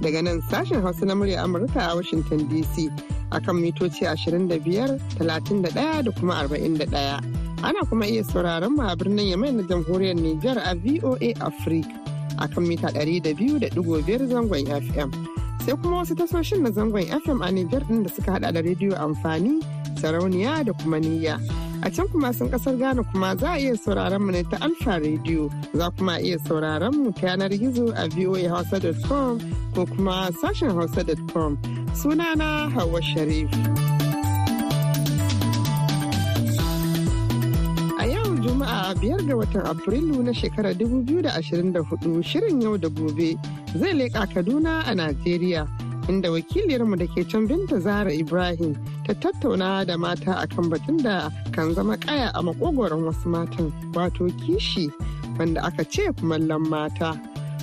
daga nan sashen hausa na murya amurka a washington dc akan mitoci 25 31 da kuma 41 ana kuma iya sauraron mu a birnin yamai na jamhuriyar niger a voa africa akan mita 200.5 zangon fm sai kuma wasu tasoshin na zangon fm a niger din da suka hada da rediyo amfani sarauniya da kuma niyya A can kuma sun kasar Ghana kuma za a iya sauraron mu ne ta Alfa Radio. Za kuma iya sauraron mu ta yanar gizo a voahausa.com ko kuma sashen hausa.com. na hawa Sharif. a Juma'a biyar ga watan Afrilu na shekarar 2024 shirin yau da gobe zai leƙa Kaduna a Najeriya inda wakiliyarmu da ke can Binta Zara Ibrahim ta tattauna da mata akan batun da kan zama kaya a makogoron wasu matan wato kishi wanda aka ce kumallon mata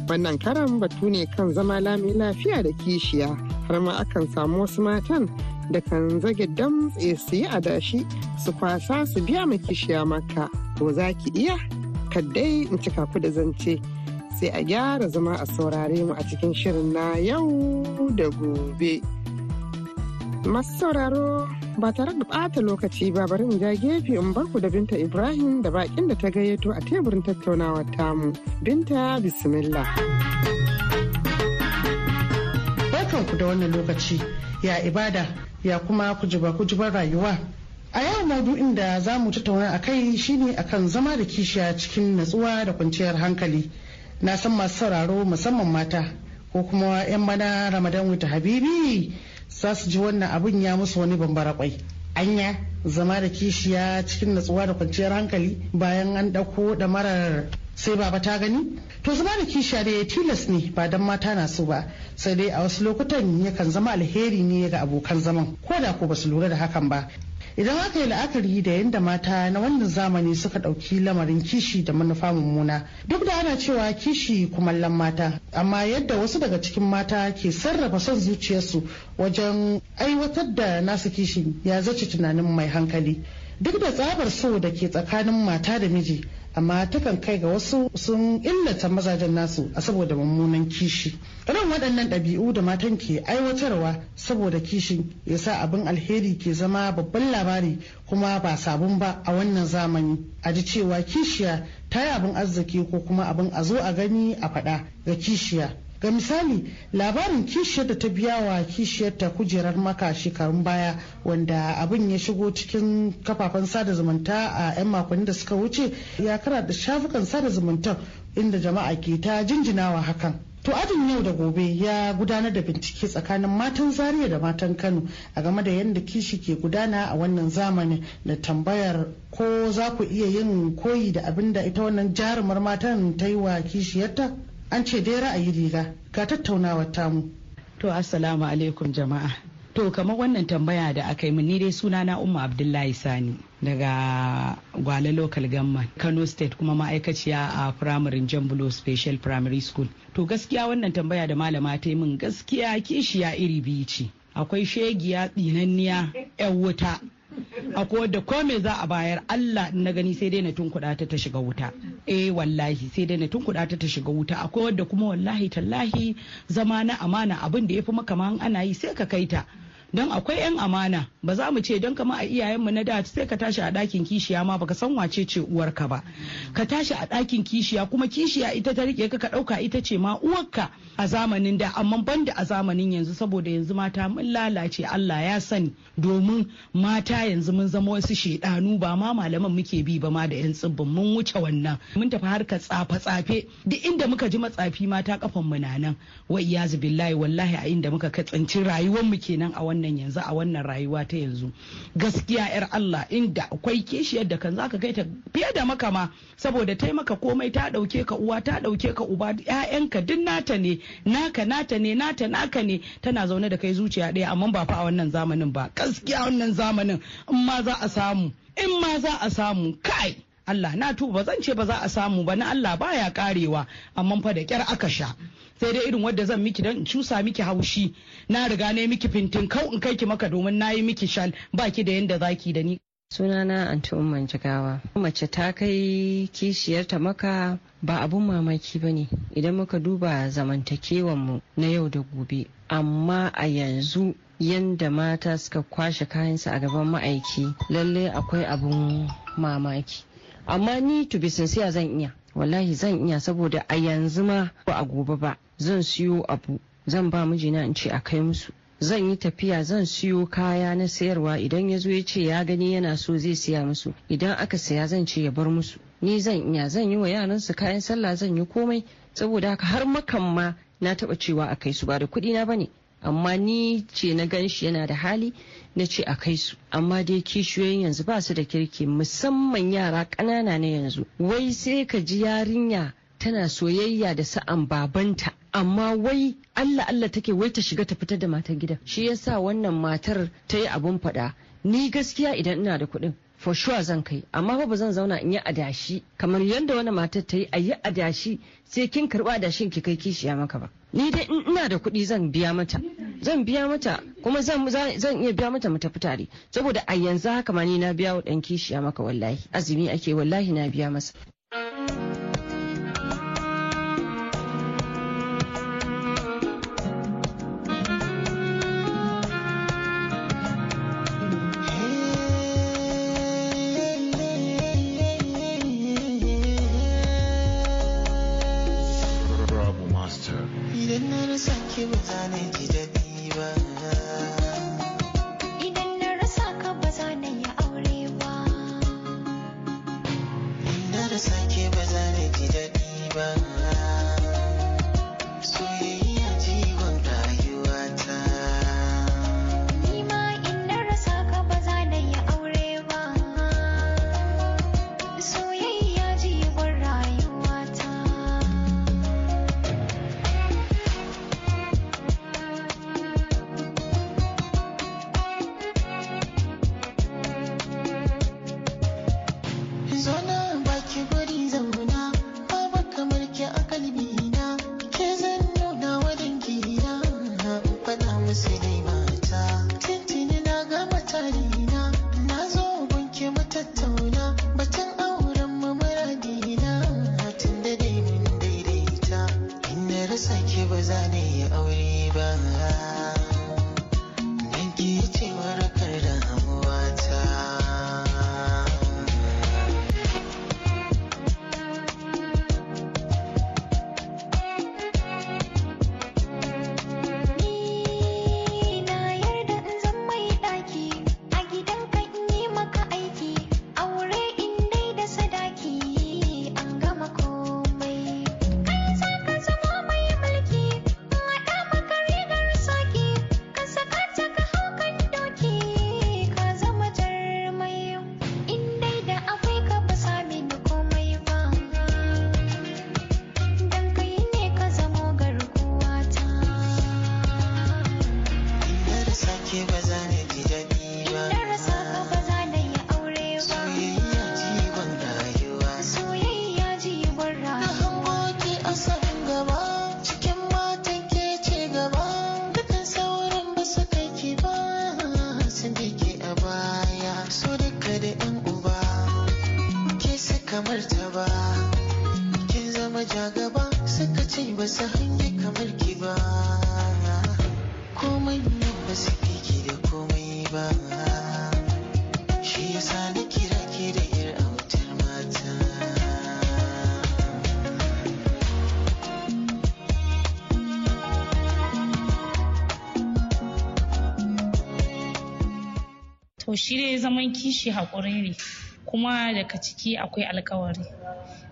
wannan karan batu ne kan zama lami lafiya da kishiya har ma akan samu wasu matan da kan zage damtse su yi adashi su kwasa su biya ma kishiya maka ko za ki iya kaddai in cika ku da zance sai a gyara zama a saurare mu a cikin shirin na yau da gobe. Masu sauraro ba tare da ɓata lokaci ba bari mu ja gefe in barku da Binta Ibrahim da bakin da ta gayyato a teburin tattaunawar tamu. Binta bismillah. ku da wannan lokaci ya ibada ya kuma kujuba kujubar rayuwa. A yau maudu'in da za mu tattauna a kai shine akan zama da kishiya cikin natsuwa da kwanciyar hankali. Na san masu sauraro musamman mata ko kuma 'yan bana Ramadan Wuta Habibi. za su ji wannan abin ya musu wani bambara kwai anya zama da kishiya cikin natsuwa da kwanciyar hankali bayan an ɗauko da marar sai baba ta gani to zuba da kishiya da ya tilas ne ba dan mata na so ba sai dai a wasu lokutan yakan zama alheri ne ga abokan zaman ko da ko basu lura da hakan ba idan aka yi la'akari da yadda mata na wannan zamani suka ɗauki lamarin kishi da manufa mummuna duk da ana cewa kishi kumallan mata amma yadda wasu daga cikin mata ke sarrafa son zuciyarsu wajen aiwatar da nasu kishin ya zace tunanin mai hankali duk da tsabar so da ke tsakanin mata da miji amma takan kai ga wasu sun illata mazajen nasu a saboda mummunan kishi irin waɗannan ɗabi'u da matan ke aiwatarwa saboda kishin ya sa abin alheri ke zama babban labari kuma ba sabon ba a wannan zamani a ji cewa kishiya ta yi abin arziki ko kuma abin a zo a gani a faɗa ga kishiya ga misali labarin kishiyar da ta biya wa kishiyar ta kujerar maka shekarun baya wanda abin ya shigo cikin kafafen sada zumunta a 'yan makonni da suka wuce ya kara da shafukan sada zumunta inda jama'a ke ta jinjinawa hakan To adin yau da gobe ya gudanar da bincike tsakanin matan Zaria da matan Kano a game da yadda kishi ke gudana a wannan zamani da tambayar ko za ku iya yin koyi da abin da ita wannan jarumar matan ta yi wa kishiyarta? an ce dai ra'ayi riga ga tattaunawar tamu. To assalamu alaikum jama'a. To kamar wannan tambaya da aka yi min ni dai suna na Umma Abdullahi Sani daga Gwale Local Government Kano State kuma ma'aikaciya a Primary Jambulo Special Primary School. To gaskiya wannan tambaya da malama ta yi min gaskiya kishiya iri biyu ce. Akwai shegiya tsinanniya 'yan wuta akwai da ko za a bayar Allah na gani sai dai na tunkuɗa ta ta shiga wuta eh wallahi sai dai na tunkuɗa ta ta shiga wuta akwai wadda kuma wallahi tallahi zama na amana abin da ya fi maka ana yi sai ka kai ta don akwai 'yan amana ba za mu ce don kama a iyayenmu na da sai ka tashi a ɗakin kishiya ma baka san wace ce uwarka ba ka tashi a ɗakin kishiya kuma kishiya ita ta rike ka ka ɗauka ita ce ma uwarka a zamanin da amma banda a zamanin yanzu saboda yanzu mata mun lalace Allah ya sani domin mata yanzu mun zama wasu shedanu ba ma malaman muke bi ba ma da yan tsibbin mun wuce wannan mun tafi harkar tsafa tsafe duk inda muka ji matsafi mata kafan mu nan wa iyazu billahi wallahi a inda muka katsanci rayuwar mu kenan a wannan yanzu a wannan rayuwa ta yanzu gaskiya yar Allah inda akwai kishiyar da kan zaka kai ta fiye da maka ma saboda taimaka komai ta dauke ka uwa ta dauke ka uba ƴaƴanka duk nata ne naka nata ne nata naka ne tana zaune da kai zuciya ɗaya amma ba fa a wannan zamanin ba gaskiya wannan zamanin in ma za a samu in ma za a samu kai Allah na tuba zan ce ba za a samu ba na Allah baya karewa amma fa da kyar aka sha sai dai irin wadda zan miki dan cusa miki haushi na riga ne miki fintin kau in kai ki maka domin nayi miki shal baki da yanda zaki da ni sunana anti umman jigawa mace ta kai kishiyar ta maka ba abun mamaki bane idan muka duba zamantakewan mu na yau da gobe amma a yanzu yanda mata suka kwashe kayansu a gaban ma'aiki lalle akwai abun mamaki amma ni to be sincere zan iya wallahi zan iya saboda a yanzu ma ba a gobe ba zan siyo abu zan ba mijina in ce a kai musu zan yi tafiya zan siyo kaya na sayarwa idan ya zo ya ce ya gani yana so zai siya musu idan aka saya zan ce ya bar musu ni zan iya zan yi wa yaran su kayan sallah zan yi komai saboda haka har makan na taba cewa a kai su ba da kuɗi na bane amma ni ce na gan shi yana da hali na ce a kai su amma dai kishiyoyin yanzu ba su da kirki musamman yara ƙanana na yanzu wai sai ka ji yarinya tana soyayya da sa'an babanta amma wai Allah Allah take wai ta shiga ta fitar da matar gida shi yasa wannan matar ta yi abun faɗa ni gaskiya idan ina da kuɗin for zan kai amma ba zan zauna in yi adashi kamar yadda wani matar ta yi a yi adashi sai kin karɓi adashin ki kai kishiya maka ba ni dai in ina da kuɗi zan biya mata zan biya mata kuma zan iya biya mata mu tafi tare saboda a yanzu haka ma ni na biya wa ɗan kishiya maka wallahi azumi ake wallahi na biya masa shi dai zaman kishi haƙuri ne kuma daga ciki akwai alkawari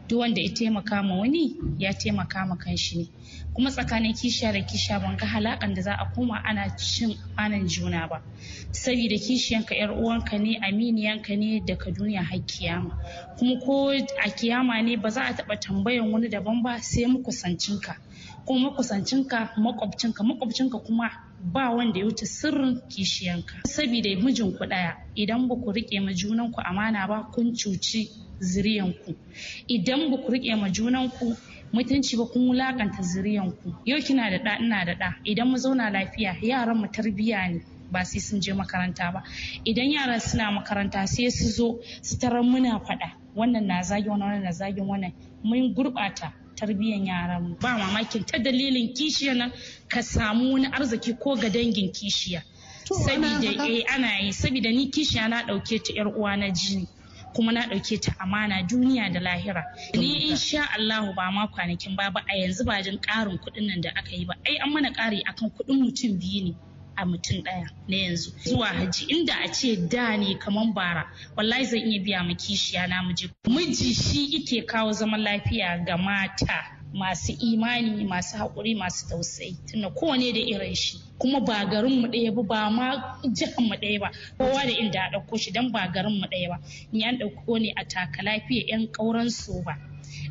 duk wanda ya taimaka ma wani ya taimaka ma kanshi ne kuma tsakanin kishiya da kishiya ban ga halakan da za a koma ana cin anan juna ba saboda kishiyanka yar uwanka ne aminiyanka ne daga duniya har kiyama kuma ko a kiyama ne ba za a taba tambayan wani daban ba sai makusancinka kuma makusancinka makwabcinka makwabcinka kuma ba wanda ya wuce sirrin kishiyanka saboda mijin ku daya idan ba ku rike ma junan ku amana ba kun cuci zuriyanku idan ba ku rike ma junan ku mutunci ba kun wulakanta zuriyanku yau kina da da ina da da idan mu zauna lafiya yaran mu tarbiya ne ba sai sun je makaranta ba idan yara suna makaranta sai su zo su tarar muna faɗa wannan na zagin wannan na zagin wannan mun gurɓata tarbiyyar yaran mu ba mamakin ta dalilin kishiya nan ka samu wani arziki ko ga dangin kishiya sabida eh ana yi sabida ni kishiya na dauke ta yar uwa na jini kuma na dauke ta amana duniya da lahira ni insha Allah ba ma kwanakin ba ba a yanzu ba jin karin kudin nan da aka yi ba ai an mana kari akan kudin mutum biyu ne a mutum ɗaya na yanzu zuwa haji inda a ce da ne kamar bara wallahi zan iya biya ma kishiya na muje miji shi ike kawo zaman lafiya ga mata masu imani masu haƙuri masu tausayi tunda kowane da irin shi kuma ba garin mu ɗaya ba ma jihar mu ɗaya ba kowa da inda a ɗauko shi dan ba garin mu ɗaya ba ni an ɗauko ne a taka lafiya yan ƙauran su ba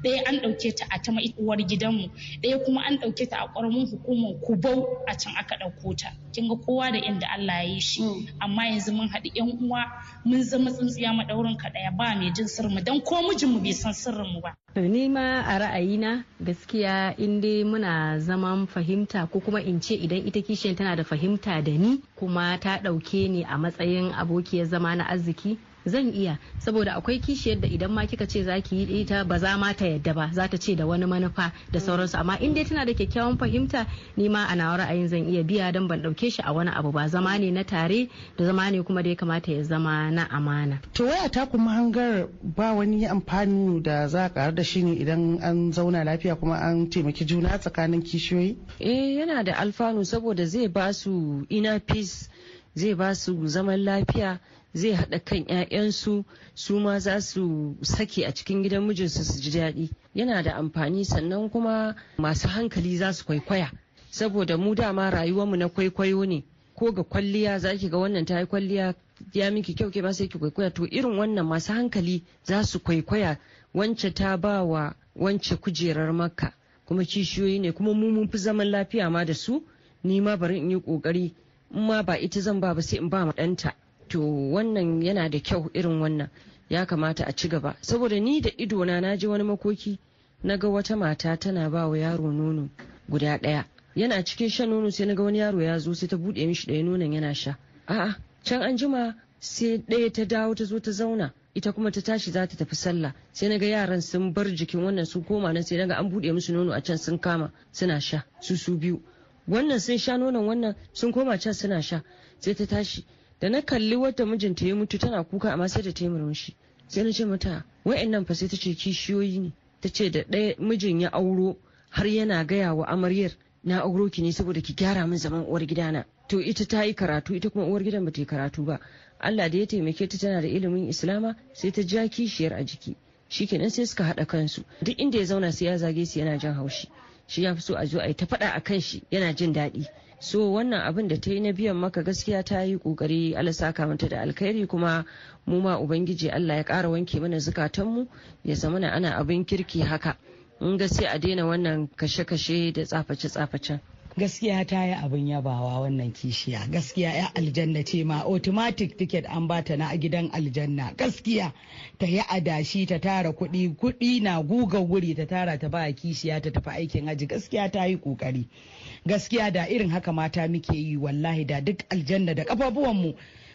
ɗaya an ɗauke ta a ta uwar gidanmu ɗaya kuma an ɗauke ta a ƙaramin hukumar kubau a can aka ɗauko ta kin ga kowa da inda Allah ya yi shi mm. amma yanzu mun haɗu yan uwa mun zama tsintsiya maɗaurin ka ɗaya ba mai jin sirrinmu dan ko mijinmu bai san sirrinmu ba. Ni ma a ra'ayina gaskiya in dai muna zaman fahimta ko kuma in ce idan ita kishiyar tana da fahimta da ni kuma ta ɗauke ni a matsayin abokiyar zama na arziki zan iya saboda akwai kishiyar da idan ma kika ce za ki yi ita ba za ma ta yadda ba za ta ce da wani manufa da mm. sauransu amma in dai tana da kyakkyawan fahimta ni ma a nawa ra'ayin zan iya biya don ban ɗauke shi a wani abu ba zama ne na tare da zama ne kuma da ya kamata ya zama na amana. to waya ta kuma hangar ba wani amfani da za a karu da shi ne idan an zauna lafiya kuma an taimaki juna tsakanin kishiyoyi. eh yana da alfanu saboda zai ba su ina peace zai ba su zaman lafiya zai haɗa kan 'ya'yansu su ma za su sake a cikin gidan mijinsu su ji daɗi yana da amfani sannan kuma masu hankali za su kwaikwaya saboda mu dama rayuwarmu na kwaikwayo ne ko ga kwalliya za ga wannan ta yi kwalliya ya miki kyau ke ba sai kwaikwaya to irin wannan masu hankali za su kwaikwaya wance ta ba wa wance kujerar maka? kuma kishiyoyi ne kuma mu mun fi zaman lafiya ma da su ni ma bari in yi kokari in ma ba ita zan ba ba sai in ba ma ɗanta to wannan yana da kyau irin wannan ya kamata a ci gaba saboda ni da idona na ji wani makoki na ga wata mata tana ba wa yaro nono guda ɗaya yana cikin shan nono sai na ga wani yaro ya zo sai ta buɗe mishi ɗaya nonon yana sha a'a can an jima sai ɗaya ta dawo ta zo ta zauna ita kuma ta tashi za ta tafi sallah sai na ga yaran sun bar jikin wannan sun koma nan sai ga an buɗe musu nono a can sun kama suna sha su su biyu wannan sun sha nonon wannan sun koma can suna sha sai ta tashi da na kalli wadda mijinta ya mutu tana kuka amma sai da ta yi murmushi sai na ce mata wa'annan fa sai ta ce kishiyoyi ne ta ce da ɗaya mijin ya auro har yana gaya wa amaryar na auro ki ne saboda ki gyara min zaman uwar gidana to ita ta yi karatu ita kuma uwar gidan ba ta yi karatu ba Allah da ya taimake ta tana da ilimin islama sai ta ja kishiyar a jiki shi shikenan sai suka haɗa kansu duk inda ya zauna sai ya zage su yana jan haushi shi ya fi so a zo a yi ta faɗa a kan shi yana jin daɗi so wannan abin da ta yi na biyan maka gaskiya ta yi kokari Allah saka mata da alkhairi kuma mu ma ubangiji Allah ya ƙara wanke mana zukatanmu ya zama ana abin kirki haka in ga sai a daina wannan kashe-kashe da tsaface-tsafacen gaskiya ta yi abin yabawa wannan kishiya gaskiya ya aljanna ce ma automatic ticket an bata na gidan aljanna gaskiya ta yi adashi ta tara kuɗi kuɗi na guga wuri ta tara ta ba kishiya ta tafi aikin haji gaskiya ta yi ƙoƙari gaskiya da irin haka mata muke yi wallahi da duk aljanna da kafafuwanmu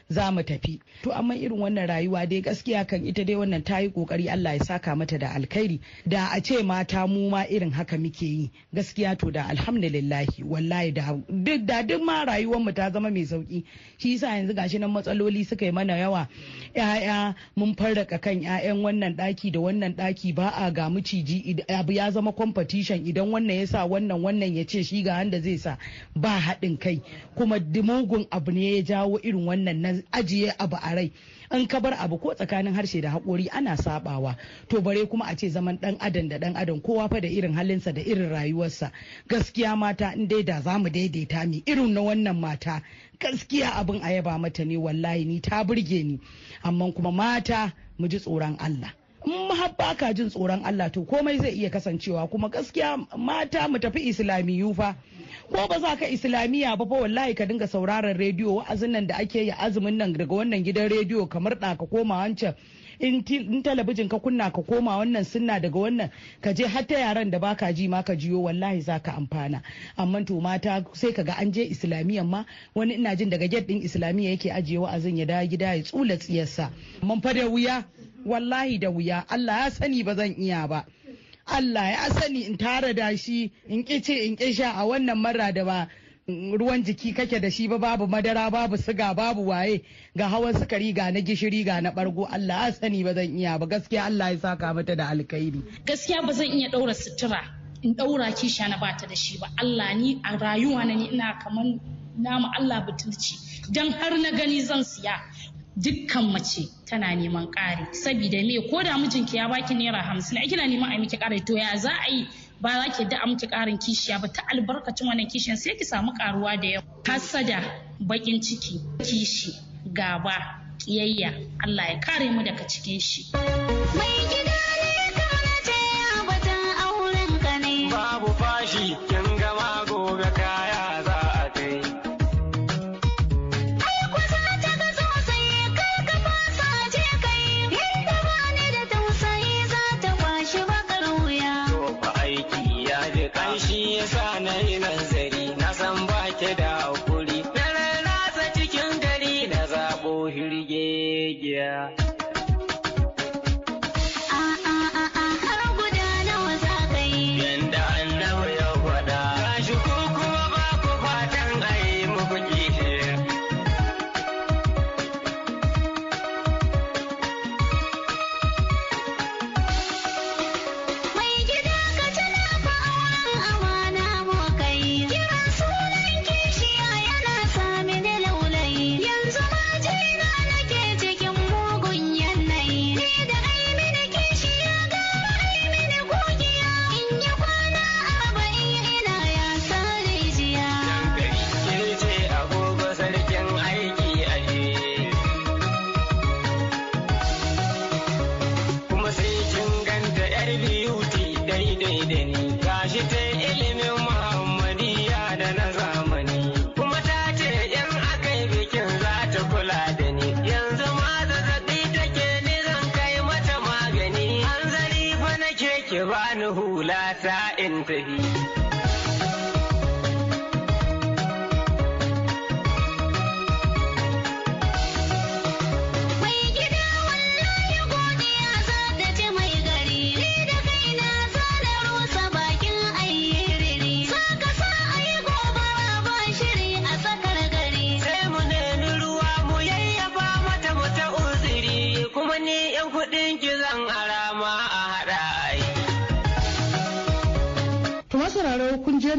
za mu tafi to amma irin wannan rayuwa dai gaskiya kan ita dai wannan ta yi kokari Allah ya saka mata da alkhairi da a ce mata mu ma irin haka muke yi gaskiya to da alhamdulillahi wallahi da duk da duk ma rayuwar mu ta zama mai sauki shi yasa yanzu gashi nan matsaloli suka yi mana yawa ya'ya mun farraka kan ya'yan wannan daki da wannan daki ba a ga miciji abu ya zama competition idan wannan ya wannan wannan ya ce shi ga wanda zai sa ba haɗin kai kuma dumugun abu ne ya jawo irin wannan nan ajiye abu a rai an kabar abu ko tsakanin harshe da haƙori ana sabawa to bare kuma a ce zaman dan adam da dan adam kowa fa da irin halinsa da irin rayuwarsa gaskiya mata in dai da zamu daidaita mi irin na wannan mata gaskiya abin a yaba mata ne wallahi ni ta burge ni amma kuma mata mu ji tsoron Allah in har ka jin tsoron Allah to komai zai iya kasancewa kuma gaskiya mata mu tafi islamiyu fa ko ba za ka islamiya ba fa wallahi ka dinga sauraron rediyo wa'azin nan da ake yi azumin nan daga wannan gidan rediyo kamar ɗaka koma wancan in in talabijin ka kunna ka koma wannan sunna daga wannan ka je har ta yaran da baka ji ma ka jiyo wallahi za ka amfana amma to mata sai ka ga an je islamiyan ma wani ina jin daga gate din islamiyya yake ajiye wa'azin ya da gida ya tsula tsiyarsa mun fa da wuya wallahi da wuya Allah ya sani ba zan iya ba Allah ya sani in tara da shi in kice in kisha a wannan mara da ba ruwan jiki kake da shi ba babu madara babu siga babu waye ga hawan sukari ga na gishiri ga na bargo Allah ya sani ba zan iya ba gaskiya Allah ya saka mata da alkhairi gaskiya ba zan iya daura sutura in daura kisha na bata da shi ba Allah ni a rayuwa na ni ina kaman nama Allah butulci dan har na gani zan siya dukkan mace tana neman ƙari saboda me ko da mijinki ya baki naira hamsin ai kina neman a miki ƙari to ya za a yi ba za ki da miki ƙarin kishiya ba ta albarkacin wannan kishin sai ki samu ƙaruwa da yawa hasada baƙin ciki kishi gaba ƙiyayya Allah ya kare mu daga cikin shi.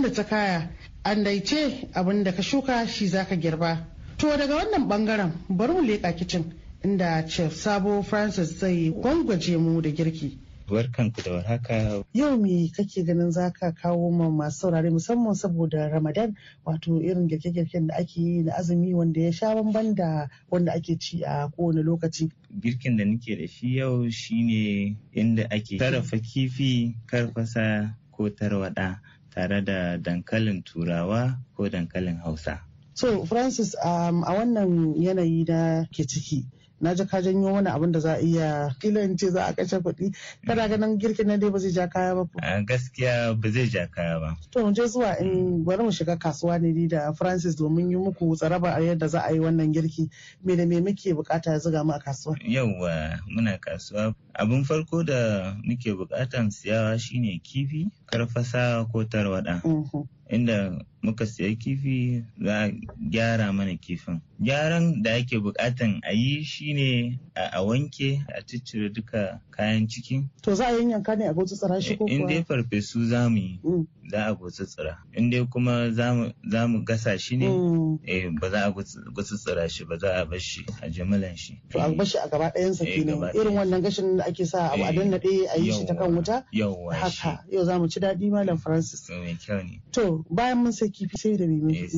da ta kaya an daice abin da ka shuka shi zaka girba to daga wannan bangaren bari mu leka kicin inda chef sabo francis zai gwangwaje mu da girki barkanku da warhaka. Yau me kake ganin zaka kawo ma masu saurare musamman saboda Ramadan wato irin girke-girken da ake yi na azumi wanda ya sha bamban da wanda ake ci a kowane lokaci. Girkin da nake da shi yau shine inda ake sarrafa kifi, karfasa ko tarwada. tare da dankalin turawa ko dankalin hausa. So Francis um, a wannan yanayi da ke ciki na ji ka janyo wani abin da za a iya kila ce za a kashe kuɗi kada ganin girkin na dai ba zai ja kaya ba gaskiya ba zai ja kaya ba to mu je zuwa in bari mu shiga kasuwa ne da Francis domin yi muku tsaraba a yadda za a yi wannan girki me da me muke bukata ya zuga mu a kasuwa yauwa muna kasuwa abin farko da muke bukatan siyawa shine kifi karfasa ko tarwaɗa. Mhm. inda muka sayi kifi za a gyara mana kifin gyaran da ake bukatan a yi shine a wanke a ciccire duka kayan ciki to za a yanyanka ne a gutsitsira shi ko eh, kuwa? in dai farfesu za mu yi mm. za a gutsutsura in dai kuma za mu gasa shi ne mm. eh, ba za a gutsutsura shi ba za a bar shi a jimilan shi to an bar shi a gaba safi eh, ne irin wannan gashin da ake sa abu a eh, dannaɗe a yi shi ta kan wuta haka yau za mu ci daɗi malam francis mai kyau ne to bayan mun sai kifi sai da mai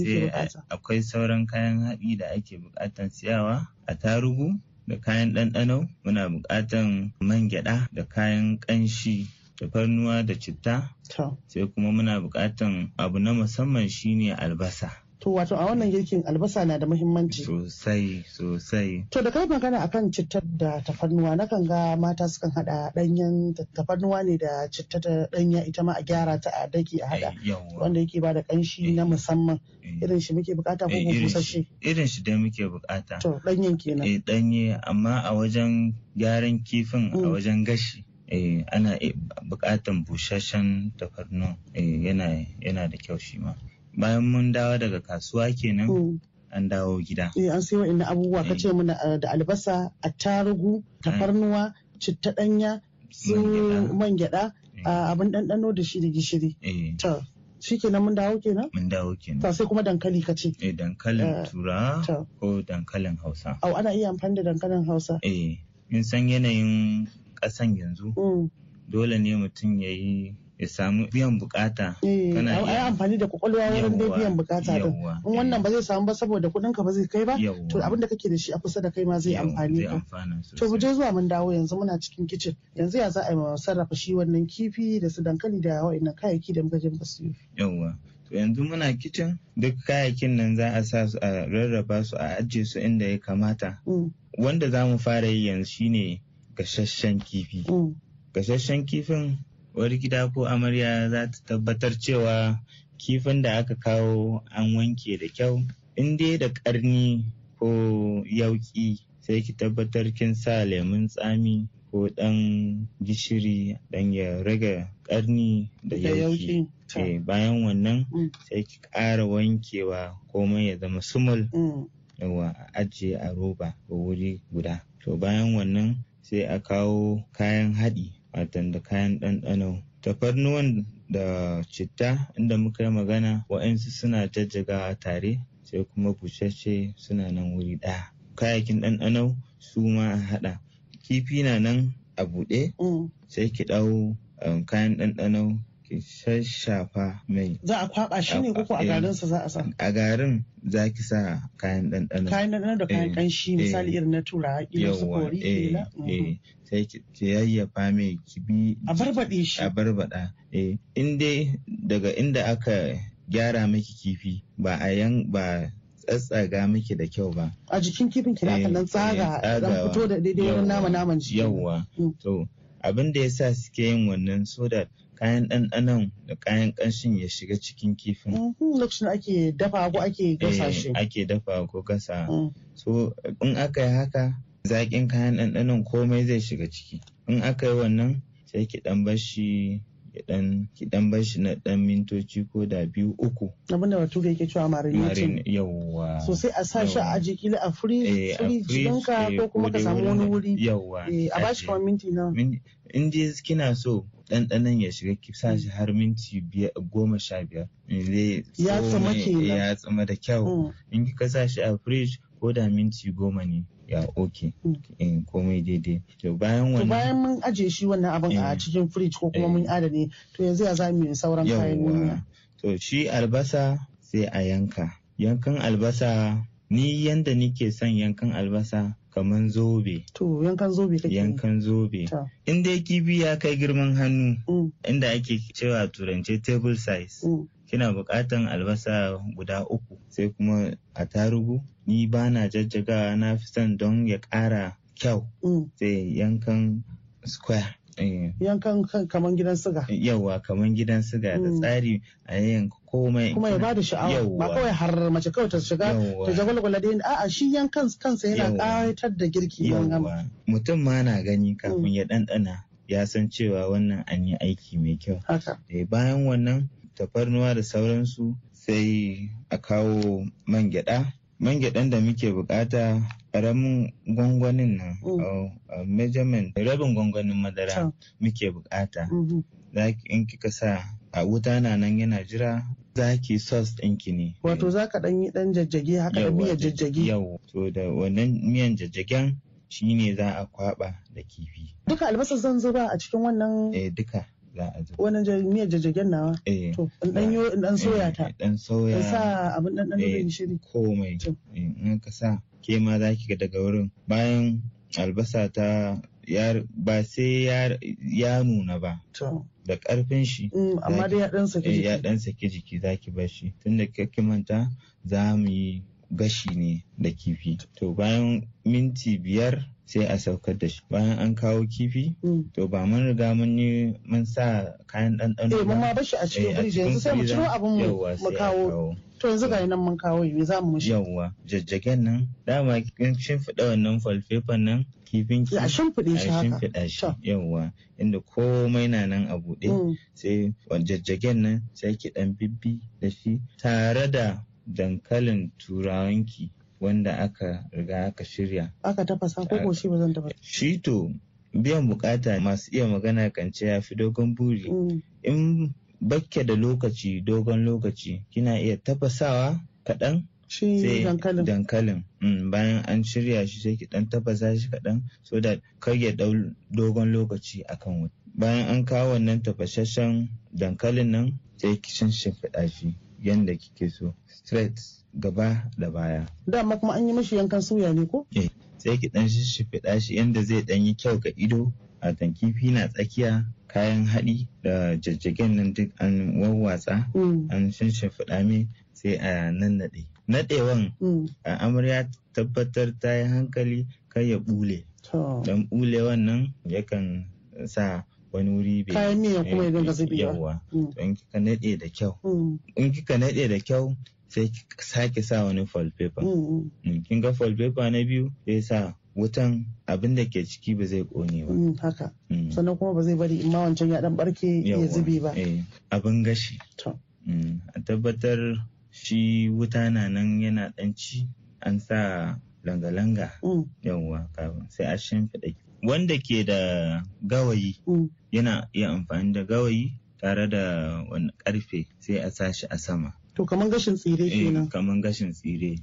sai akwai sauran kayan haɗi da ake buƙatar siyawa a tarugu da kayan ɗanɗano muna buƙatan man gyaɗa da kayan ƙanshi tafarnuwa da citta sai kuma muna bukatan abu na musamman shine albasa To wato a wannan girkin albasa na da muhimmanci. Sosai sosai. To da kai magana akan citta da tafarnuwa na kan ga mata sukan hada danyen tafarnuwa ne da citta da danya ita ma a gyara ta a daki a hada eh, wanda yake bada kanshi eh. na musamman eh. irin shi muke bukata ko ko busasshe. Irin shi dai muke bukata. To danyen kenan. Eh danye amma a wajen gyaran kifin a mm. wajen gashi. eh ana buƙatar busasshen tafarnu eh yana yana da kyau shi ma bayan mun dawo daga kasuwa kenan hmm. an dawo gida eh an sai wa'in abubuwa ka ce eh. mana eh, da albasa attarugu tafarnuwa citta danya su man gyada eh. ah, abin ɗanɗano da shi da gishiri to shi kenan mun dawo kenan? Mun dawo kenan. Ta sai kuma dankali ka ce? Eh dankalin tura ko dankalin hausa. Au ana iya amfani da dankalin hausa? Eh. In san yanayin kasan yanzu mm. dole ne mutum ya yi ya samu biyan bukata eh, kana iya amfani da kwakwalwa wurin dai biyan bukata din in wannan ba zai samu ba saboda kudin ka ba zai kai ba to abin da kake da shi a kusa da kai ma zai amfani ka to mu je zuwa mun dawo yanzu muna cikin kitchen yanzu ya za a yi sarrafa shi wannan kifi da su dankali da wa'annan kayayyaki da muka je muka siyo yawwa to yanzu muna kitchen duk kayayyakin nan za a sa su a rarraba su a ajiye su inda ya kamata mm. wanda za mu fara yi yanzu shine gasasshen kifi mm. gasasshen kifin wani gida ko amarya za ta tabbatar cewa kifin da aka kawo an wanke da kyau in dai da karni ko yauki sai ki tabbatar kin sa lemun tsami ko ɗan gishiri dan ya rage karni da yauki eh, bayan wannan mm. sai ki ƙara wankewa komai ya zama sumul mm. yawa a ajiye a roba ko wuri guda to bayan wannan sai a kawo kayan haɗi watan da kayan ɗanɗano tafarnuwan da citta inda muka yi magana wa'ansu suna jajjagawa tare sai kuma bushashe suna nan wuri ɗaya kayakin ɗanɗano su ma a haɗa kifi na nan a buɗe mm. sai ki ɗau um, kayan ɗanɗano ki shashafa mai za a kwaba shi ne koko a eh, garin sa za a sa a garin za ki sa kayan ɗanɗano kayan ɗanɗano da kayan eh, ƙanshi eh. misali irin na tura kila su kori kila mhm. sai ki yayyafa mai kibi a barbaɗe shi a barbaɗa eh in dai daga inda aka gyara miki kifi ba a yan ba tsatsaga miki da kyau ba a jikin kifin ki kan nan tsaga zan fito da daidai wani nama naman jiki yawwa mm. to abin da yasa suke yin wannan so that kayan ɗanɗanon da kayan ƙanshin ya shiga cikin kifin. Mhm, lokacin ake dafa ko ake gasa eh, shi. Ake dafa ko gasa. Mm. So in aka yi haka zaƙin kayan ɗanɗanon komai zai shiga ciki. In aka yi wannan sai ki ɗan bar shi ki ɗan bar shi na ɗan mintoci ko da biyu uku. Abinda bature yake cewa marinating. Yawwa. So sai a sa shi a aji kila a fridge eh, ɗinka ko kuma ka eh, samu wani wuri. Yawwa. A bashi kamar minti nawa. In kina so ɗanɗanon ya shiga ki shi har minti goma sha biyar eh, ya tsama eh, ya tsama da kyau hmm. in kika sa shi a fridge ko da minti goma ne ya oke hmm. eh, komai daidai to bayan wannan bayan mun aje shi wannan abin a cikin fridge ko kuma mun adane to yanzu ya zamu yi sauran kayan nuna. to shi albasa sai a yanka yankan albasa ni yanda nike son yankan albasa kaman zobe. To yankan zobe kake Yankan zobe. In dai kibi ya kai girman hannu mm. inda ake cewa turance table size. Mm. Kina buƙatan albasa guda uku sai kuma a tarugu ni ba na jajjagawa na fi son don ya ƙara kyau mm. sai yankan square Eh. yankan kaman gidan siga yawa kaman gidan siga da hmm. tsari a yin komai kuma ya bada sha'awa ba kawai har mace kawai ta shiga ta jagwalgwala da a'a shi yankan kansa yana ƙayatar da girki mutum ma na gani kafin hmm. ya ɗanɗana ya san cewa wannan an yi aiki mai kyau eh, bayan wannan tafarnuwa da sauransu sai a kawo man gyaɗa. man gyaɗan da muke bukata ƙaramin gwangwanin nan mm. measurement rabin gwangwanin madara muke bukata mm-hmm. in kika sa a wuta na nan yana jira zaki sauce ɗinki ne wato za ka ɗan yi ɗan jajjage haka da miyan jajjage yau to da wannan miyan jajjagen shine za a kwaba da kifi duka albasa zan zuba a cikin wannan eh duka za a wannan miyar jajjagen nawa eh to in dan yo in dan eh, soya ta dan soya sa abin dan dan eh, gishiri komai in ka sa ke ma za ki ga daga wurin bayan albasa ta ba sai ya nuna ba da karfin shi mm, amma dai ya dan eh, saki jiki ya dan saki jiki zaki bar shi tunda kake manta za mu yi gashi ne da kifi to bayan minti biyar sai a saukar da shi bayan an kawo kifi mm. to ba mun riga mun yi mun sa kayan ɗanɗano eh, ba. mun ma bashi a cikin eh, firiji yanzu sai mu ciro abin mu mu kawo to yanzu ga nan mun kawo yi za mu shi yawwa jajjagen nan dama kin shimfiɗa wannan falfefan nan kifin ki a shimfiɗe shi haka a shimfiɗa shi yawwa inda komai na nan a buɗe mm. sai jajjagen nan sai ki ɗan bibbi da shi tare da dankalin turawanki wanda aka riga aka shirya. Aka tafasa ko ko shi ba zan tafasa. Shi to biyan bukata masu iya magana kan ce ya fi dogon buri. Mm. In bakke da lokaci dogon lokaci kina iya tafasawa kaɗan. Shi dankalin. Dankalin. Mm, bayan an shirya shi sai ki dan tafasa shi kaɗan so da kar ya ɗau dogon lokaci akan wuta. Bayan an kawo wannan tafasasshen dankalin nan sai ki shimfiɗa shi. yanda kike so straight gaba da baya dama kuma an yi mashi yankan suya ne ko eh, sai ki dan shishfiɗa shi yanda zai dan yi kyau ga ido a tankifi na tsakiya kayan haɗi da jajjagen nan duk an wawwatsa mm. an shimfiɗa mai sai a nan nannaɗe naɗewan mm. a amarya tabbatar ta yi hankali kar ya ɓule dan bulewan wannan yakan sa wani wuri bai kayan miya kuma eh, ya ka zubewa yawa mm. to in kika nade da kyau mm. in kika nade da kyau sai ki sake sa wani foil paper mm, kin ga foil paper na biyu sai sa wutan abin da ke ciki ba zai kone ba haka sannan kuma ba zai bari in ma wancan ya dan barke ya zube ba eh, abin gashi a tabbatar shi wuta na nan yana dan ci an sa langa-langa yawwa kafin sai a shimfiɗa wanda ke da gawayi mm. yana iya amfani da gawayi tare da wani karfe sai a sashi a sama. To kaman gashin tsire eh, kenan. kaman gashin tsire.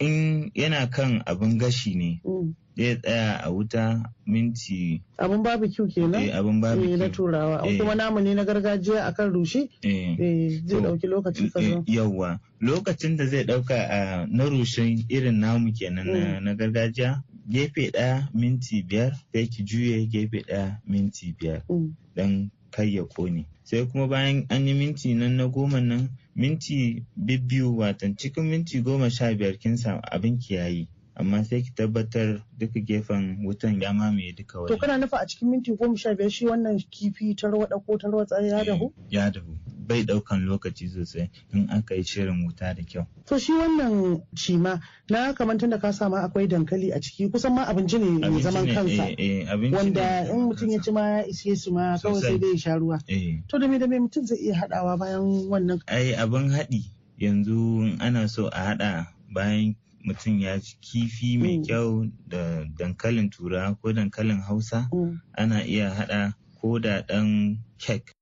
in yana kan abin gashi ne mm. zai tsaya a wuta minti abin barbecue kenan eh abin barbecue eh, na turawa eh. kuma namu ne na gargajiya akan rushe eh, eh zai dauki lokaci kaza yawa lokacin da zai dauka a na rushin irin namu kenan na mm. gargajiya gefe daya minti biyar sai ki juye gefe daya minti biyar mm. dan kai ya kone sai kuma bayan an yi minti nan na goma nan minti bibbiyu watan cikin minti goma sha biyar kin samu abin kiyayi amma sai ki tabbatar duka gefen wutan ya mamaye duka wani. To kana nufa a cikin minti goma sha biyar shi wannan kifi tarwaɗa ko tarwatsa ya eh, dahu? Ya dahu. Bai ɗaukan lokaci sosai in aka yi shirin wuta da kyau. To shi wannan cima na kamar da ka sama akwai dankali a ciki kusan ma abinci ne mai zaman kansa. Eh, eh, Wanda in mutum ya ci ma ya ishe su ma kawai sai dai ya sha ruwa. To da me da me mutum zai iya haɗawa bayan wannan. Ai abin haɗi yanzu ana so a haɗa bayan mutum ya ci kifi mai mm. kyau da dankalin turawa ko dankalin hausa mm. ana iya haɗa ko da ɗan kek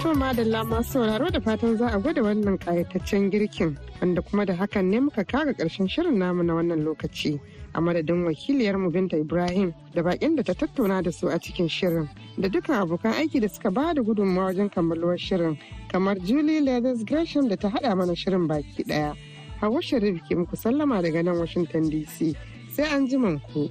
To madalla masu sauraro da fatan za a gwada wannan kayataccen girkin wanda kuma da hakan ne muka kaga karshen shirin namu na wannan lokaci a madadin wakiliyar mu Binta Ibrahim da bakin da ta tattauna da su a cikin shirin da dukkan abokan aiki da suka ba da gudunmawa wajen kammaluwar shirin kamar Julie Leathers Gresham da ta haɗa mana shirin baki ɗaya Hawa Sharif ke muku sallama daga nan Washington DC. Sai an ji ku.